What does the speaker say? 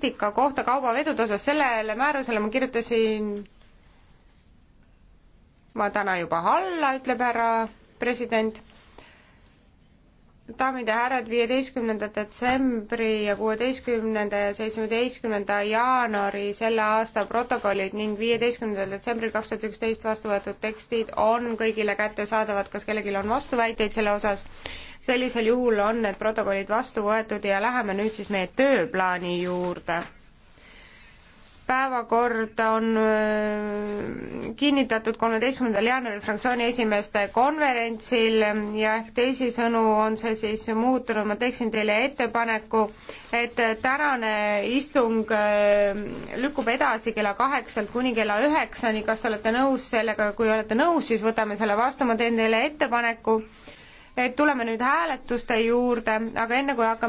statistika kohta kaubavedude osas, sellele määrusele ma kirjutasin ma täna juba alla, ütleb härra president daamid ja härrad, viieteistkümnenda detsembri ja kuueteistkümnenda ja seitsmeteistkümnenda jaanuari selle aasta protokollid ning viieteistkümnendal detsembril kaks tuhat üksteist vastu võetud tekstid on kõigile kättesaadavad, kas kellelgi on vastuväiteid selle osas? sellisel juhul on need protokollid vastu võetud ja läheme nüüd siis meie tööplaani juurde päevakord on äh, kinnitatud kolmeteistkümnendal jaanuaril fraktsiooni esimeeste konverentsil ja ehk teisisõnu on see siis muutunud, ma teeksin teile ettepaneku, et tänane istung äh, lükkub edasi kella kaheksalt kuni kella üheksani, kas te olete nõus sellega, kui olete nõus, siis võtame selle vastu, ma teen teile ettepaneku, et tuleme nüüd hääletuste juurde, aga enne kui hakkame